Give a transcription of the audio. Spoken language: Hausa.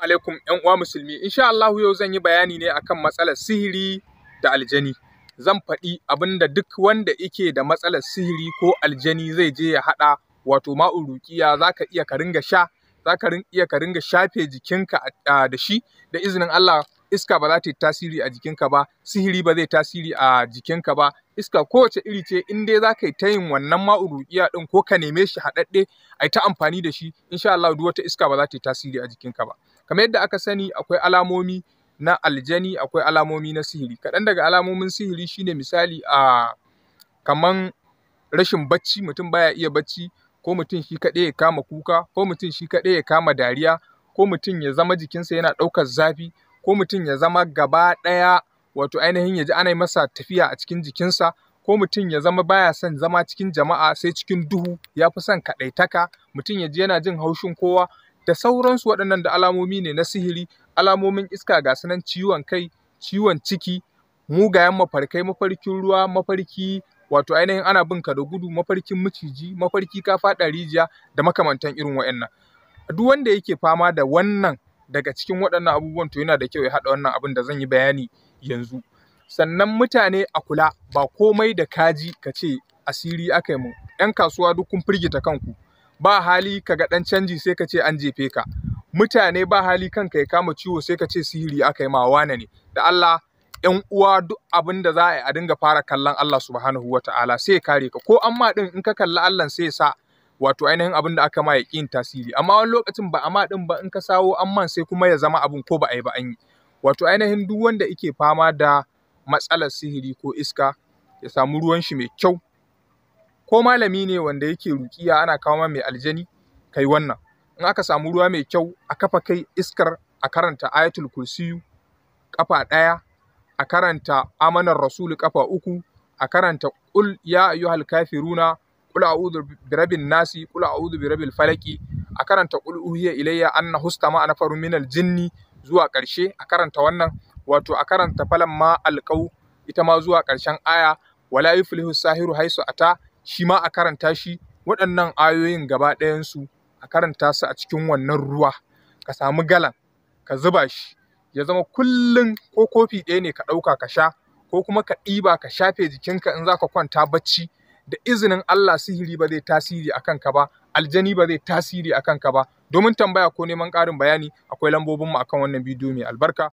alaikum ƴan uwa musulmi insha Allah yau zan yi bayani ne akan matsalar sihiri da aljani zan faɗi abin da duk wanda yake da matsalar sihiri ko aljani zai je ya haɗa wato ma'u za zaka iya ka ringa sha zaka iya ka ringa shafe jikinka da shi da izinin Allah iska ba za ta yi tasiri a jikinka ba sihiri ba zai tasiri a jikinka ba iska kowace iri ce in dai za ka yi ta yin wannan ma'uruƙiya ɗin ko ka neme shi haɗaɗɗe a yi ta amfani da shi insha Allah duk wata iska ba za ta yi tasiri a jikinka ba Kamar yadda aka sani akwai alamomi na aljani, akwai alamomi na sihiri. Kaɗan daga alamomin sihiri shine misali a kaman rashin bacci, mutum baya iya bacci ko mutum shi kaɗai ya kama kuka ko mutum shi kaɗai ya kama dariya ko mutum ya zama jikinsa yana ɗaukar zafi ko mutum ya zama gaba ɗaya wato ainihin ya ji ana masa tafiya a cikin jikinsa ko mutum ya zama baya son zama cikin jama'a sai cikin duhu ya fi son kaɗaitaka mutum ya ji yana jin haushin kowa da sauransu waɗannan da alamomi ne na sihiri alamomin iska ga sanan ciwon kai ciwon ciki mugayen mafarkai mafarkin ruwa mafarki wato ainihin ana bin ka da gudu mafarkin miciji mafarki ka faɗa rijiya da makamantan irin waɗannan duk wanda yake fama da wannan daga cikin waɗannan abubuwan to yana da kyau ya haɗa wannan abin da zan yi bayani yanzu sannan mutane a kula ba komai da kaji ka ce asiri aka yi mu 'yan kasuwa duk kun firgita kanku ba hali ka ga ɗan canji sai ka ce an jefe ka mutane ba hali kanka ya kama ciwo sai ka ce sihiri aka yi ma wane ne da Allah yan uwa duk abin da za a yi a dinga fara kallon Allah subhanahu wa ta'ala sai ya kare ka ko amma din in ka kalli Allah sai ya sa wato ainihin abin da aka ma ya kin tasiri amma wani lokacin ba amma din ba in ka sawo man sai kuma ya zama abin ko ba a yi ba an yi wato ainihin duk wanda yake fama da matsalar sihiri ko iska ya samu ruwan shi mai kyau ko malami ne wanda yake ruƙiya ana kawo ma mai aljani kai wannan in aka samu ruwa mai kyau a kafa kai iskar a karanta ayatul kursiyu kafa ɗaya a karanta amanar rasulu kafa uku a karanta ƙul ya ayyuhal kafiruna qul a'udhu birabin nasi qul a'udhu birabil falaki a karanta qul uhiya ilayya anna hustama ana faru minal jinni zuwa ƙarshe a karanta wannan wato a karanta falan ma ita ma zuwa ƙarshen aya wala yuflihu sahiru haisu ata shi ma a karanta shi waɗannan ayoyin gaba ɗayansu a karanta su a cikin wannan ruwa ka samu galan ka zuba shi ya zama kullum ko kofi ɗaya ne ka ɗauka ka sha ko kuma ka ɗiba ka shafe jikinka in za ka kwanta bacci da izinin Allah sihiri ba zai tasiri a kanka ba aljani ba zai tasiri a kanka ba domin tambaya ko neman ƙarin bayani akwai lambobinmu akan wannan bidiyo mai albarka